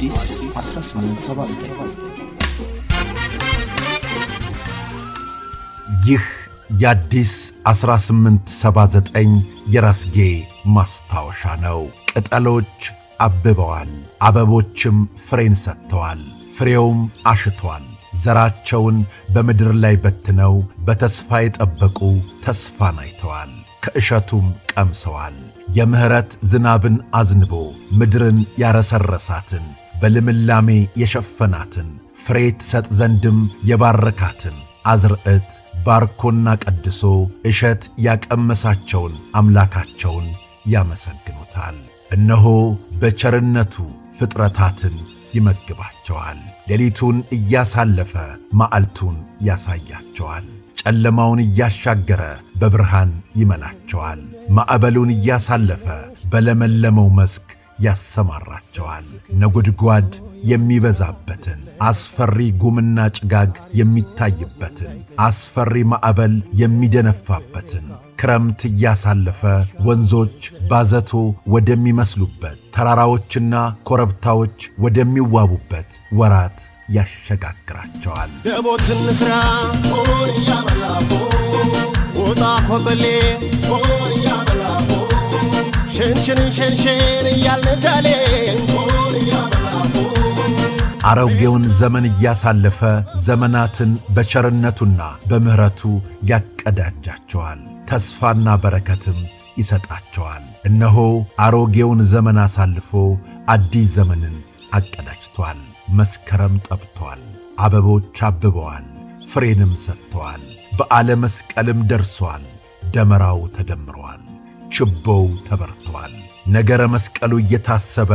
አዲስ 1879 ይህ የአዲስ 1879 የራስጌ ማስታወሻ ነው። ቅጠሎች አብበዋል፣ አበቦችም ፍሬን ሰጥተዋል፣ ፍሬውም አሽቷል። ዘራቸውን በምድር ላይ በትነው በተስፋ የጠበቁ ተስፋን አይተዋል፣ ከእሸቱም ቀምሰዋል። የምሕረት ዝናብን አዝንቦ ምድርን ያረሰረሳትን በልምላሜ የሸፈናትን ፍሬ ትሰጥ ዘንድም የባረካትን አዝርዕት ባርኮና ቀድሶ እሸት ያቀመሳቸውን አምላካቸውን ያመሰግኑታል። እነሆ በቸርነቱ ፍጥረታትን ይመግባቸዋል። ሌሊቱን እያሳለፈ ማዕልቱን ያሳያቸዋል። ጨለማውን እያሻገረ በብርሃን ይመላቸዋል። ማዕበሉን እያሳለፈ በለመለመው መስክ ያሰማራቸዋል። ነጎድጓድ የሚበዛበትን አስፈሪ ጉምና ጭጋግ የሚታይበትን አስፈሪ ማዕበል የሚደነፋበትን ክረምት እያሳለፈ ወንዞች ባዘቶ ወደሚመስሉበት ተራራዎችና ኮረብታዎች ወደሚዋቡበት ወራት ያሸጋግራቸዋል። ደቦትን ስራ ያበላ ወጣ ኮበሌ ሽንሽንሽንሽን አሮጌውን ዘመን እያሳለፈ ዘመናትን በቸርነቱና በምሕረቱ ያቀዳጃቸዋል፣ ተስፋና በረከትም ይሰጣቸዋል። እነሆ አሮጌውን ዘመን አሳልፎ አዲስ ዘመንን አቀዳጅቷል። መስከረም ጠብቷል፣ አበቦች አብበዋል፣ ፍሬንም ሰጥተዋል። በዓለ መስቀልም ደርሷል፣ ደመራው ተደምሯል። ችቦው ተበርቷል። ነገረ መስቀሉ እየታሰበ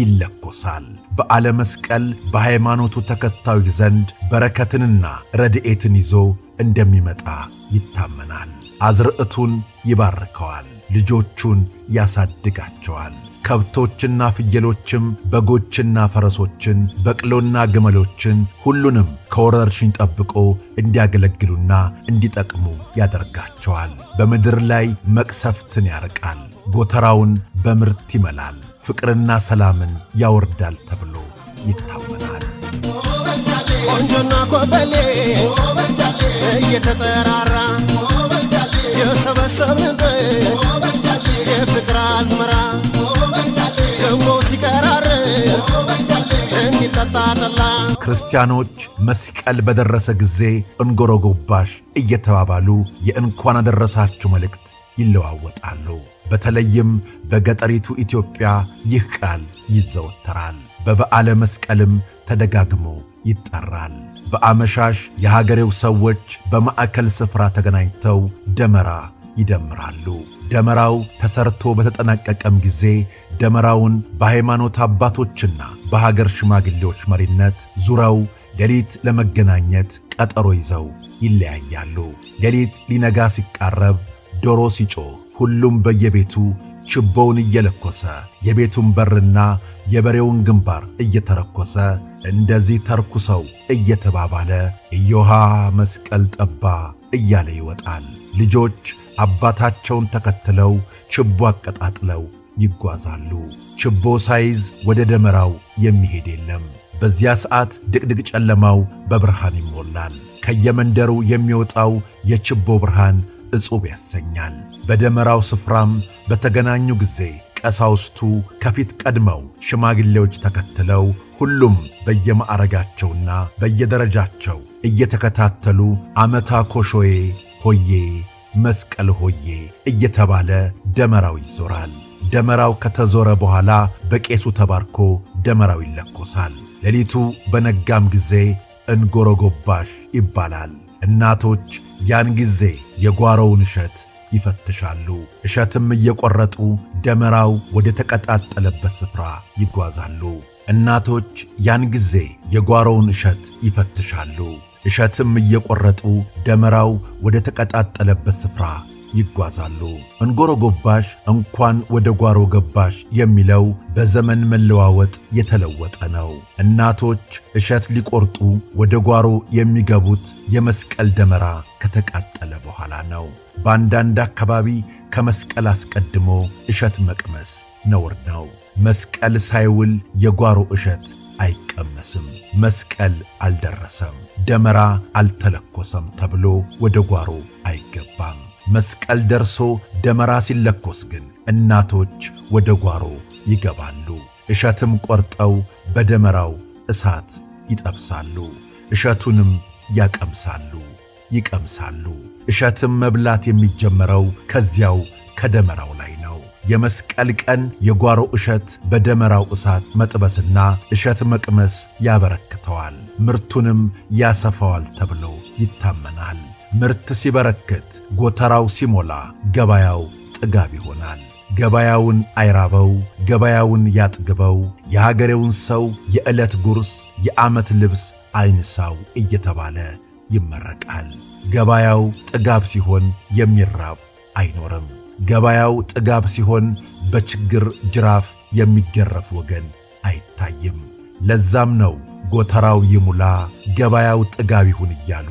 ይለኮሳል። በዓለ መስቀል በሃይማኖቱ ተከታዮች ዘንድ በረከትንና ረድኤትን ይዞ እንደሚመጣ ይታመናል። አዝርዕቱን ይባርከዋል፣ ልጆቹን ያሳድጋቸዋል። ከብቶችና ፍየሎችም በጎችና ፈረሶችን በቅሎና ግመሎችን ሁሉንም ከወረርሽኝ ጠብቆ እንዲያገለግሉና እንዲጠቅሙ ያደርጋቸዋል። በምድር ላይ መቅሰፍትን ያርቃል፣ ጎተራውን በምርት ይመላል፣ ፍቅርና ሰላምን ያወርዳል ተብሎ ይታመናል። ቆንጆና ኮበሌ እየተጠራራ የፍቅር አዝመራ ክርስቲያኖች መስቀል በደረሰ ጊዜ እንጎረጎባሽ እየተባባሉ የእንኳን አደረሳችሁ መልእክት ይለዋወጣሉ። በተለይም በገጠሪቱ ኢትዮጵያ ይህ ቃል ይዘወተራል። በበዓለ መስቀልም ተደጋግሞ ይጠራል። በአመሻሽ የሀገሬው ሰዎች በማዕከል ስፍራ ተገናኝተው ደመራ ይደምራሉ። ደመራው ተሰርቶ በተጠናቀቀም ጊዜ ደመራውን በሃይማኖት አባቶችና በሀገር ሽማግሌዎች መሪነት ዙረው ሌሊት ለመገናኘት ቀጠሮ ይዘው ይለያያሉ። ሌሊት ሊነጋ ሲቃረብ ዶሮ ሲጮህ ሁሉም በየቤቱ ችቦውን እየለኮሰ የቤቱን በርና የበሬውን ግንባር እየተረኮሰ እንደዚህ ተርኩሰው እየተባባለ እዮሃ መስቀል ጠባ እያለ ይወጣል። ልጆች አባታቸውን ተከትለው ችቦ አቀጣጥለው ይጓዛሉ። ችቦ ሳይዝ ወደ ደመራው የሚሄድ የለም። በዚያ ሰዓት ድቅድቅ ጨለማው በብርሃን ይሞላል። ከየመንደሩ የሚወጣው የችቦ ብርሃን እጹብ ያሰኛል። በደመራው ስፍራም በተገናኙ ጊዜ ቀሳውስቱ ከፊት ቀድመው፣ ሽማግሌዎች ተከትለው፣ ሁሉም በየማዕረጋቸውና በየደረጃቸው እየተከታተሉ አመታ ኮሾዬ ሆዬ መስቀል ሆዬ እየተባለ ደመራው ይዞራል። ደመራው ከተዞረ በኋላ በቄሱ ተባርኮ ደመራው ይለኮሳል። ሌሊቱ በነጋም ጊዜ እንጎረጎባሽ ይባላል። እናቶች ያን ጊዜ የጓሮውን እሸት ይፈትሻሉ። እሸትም እየቈረጡ ደመራው ወደ ተቀጣጠለበት ስፍራ ይጓዛሉ። እናቶች ያን ጊዜ የጓሮውን እሸት ይፈትሻሉ። እሸትም እየቈረጡ ደመራው ወደ ተቀጣጠለበት ስፍራ ይጓዛሉ። እንጎሮ ጎባሽ እንኳን ወደ ጓሮ ገባሽ የሚለው በዘመን መለዋወጥ የተለወጠ ነው። እናቶች እሸት ሊቆርጡ ወደ ጓሮ የሚገቡት የመስቀል ደመራ ከተቃጠለ በኋላ ነው። በአንዳንድ አካባቢ ከመስቀል አስቀድሞ እሸት መቅመስ ነውር ነው። መስቀል ሳይውል የጓሮ እሸት አይቀመስም። መስቀል አልደረሰም፣ ደመራ አልተለኮሰም ተብሎ ወደ ጓሮ አይገባም። መስቀል ደርሶ ደመራ ሲለኮስ ግን እናቶች ወደ ጓሮ ይገባሉ። እሸትም ቆርጠው በደመራው እሳት ይጠብሳሉ። እሸቱንም ያቀምሳሉ ይቀምሳሉ። እሸትም መብላት የሚጀመረው ከዚያው ከደመራው ላይ ነው። የመስቀል ቀን የጓሮ እሸት በደመራው እሳት መጥበስና እሸት መቅመስ ያበረክተዋል፣ ምርቱንም ያሰፋዋል ተብሎ ይታመናል። ምርት ሲበረክት ጎተራው ሲሞላ ገበያው ጥጋብ ይሆናል። ገበያውን አይራበው፣ ገበያውን ያጥግበው፣ የአገሬውን ሰው የዕለት ጉርስ የዓመት ልብስ አይንሳው እየተባለ ይመረቃል። ገበያው ጥጋብ ሲሆን የሚራብ አይኖርም። ገበያው ጥጋብ ሲሆን በችግር ጅራፍ የሚገረፍ ወገን አይታይም። ለዛም ነው ጎተራው ይሙላ ገበያው ጥጋብ ይሁን እያሉ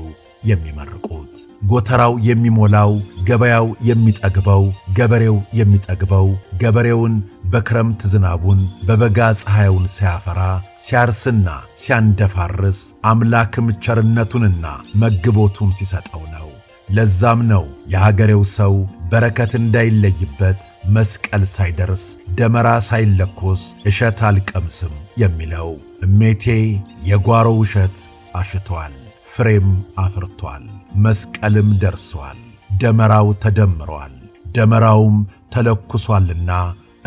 የሚመርቁት። ጎተራው የሚሞላው፣ ገበያው የሚጠግበው፣ ገበሬው የሚጠግበው፣ ገበሬውን በክረምት ዝናቡን በበጋ ፀሐዩን ሲያፈራ ሲያርስና ሲያንደፋርስ አምላክም ቸርነቱንና መግቦቱን ሲሰጠው ነው። ለዛም ነው የአገሬው ሰው በረከት እንዳይለይበት መስቀል ሳይደርስ ደመራ ሳይለኮስ እሸት አልቀምስም የሚለው። እሜቴ የጓሮ እሸት አሽቶአል። ፍሬም አፍርቷል፣ መስቀልም ደርሷል፣ ደመራው ተደምሯል፣ ደመራውም ተለኩሷልና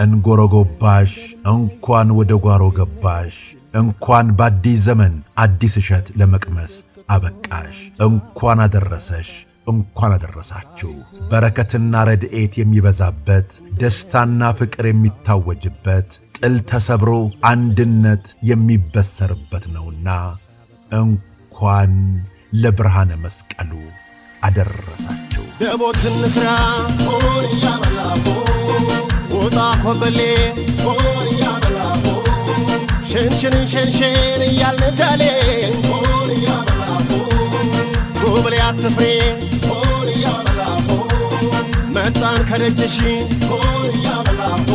እንጎረጎባሽ እንኳን ወደ ጓሮ ገባሽ፣ እንኳን በአዲስ ዘመን አዲስ እሸት ለመቅመስ አበቃሽ፣ እንኳን አደረሰሽ፣ እንኳን አደረሳችሁ። በረከትና ረድኤት የሚበዛበት ደስታና ፍቅር የሚታወጅበት ጥል ተሰብሮ አንድነት የሚበሰርበት ነውና እንኳን ለብርሃነ መስቀሉ አደረሳቸው። ደቦት እንስራ ያበላቦ ወጣ ኮበሌ ያበላቦ ሸንሽንን ሸንሽን እያልነጃሌ ያበላቦ ጎብሌ አትፍሬ ያበላቦ መጣን ከደጀሽ ያበላቦ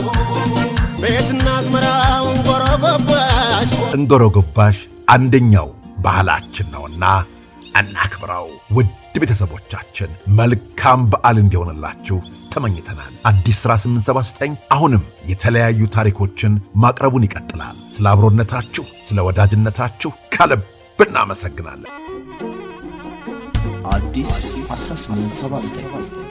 ቤትና አዝመራው እንጎረጎባሽ እንጎረጎባሽ አንደኛው ባህላችን ነውና እናክብረው። ውድ ቤተሰቦቻችን መልካም በዓል እንዲሆንላችሁ ተመኝተናል። አዲስ ሥራ 879 አሁንም የተለያዩ ታሪኮችን ማቅረቡን ይቀጥላል። ስለ አብሮነታችሁ፣ ስለ ወዳጅነታችሁ ከልብ እናመሰግናለን። አዲስ 1879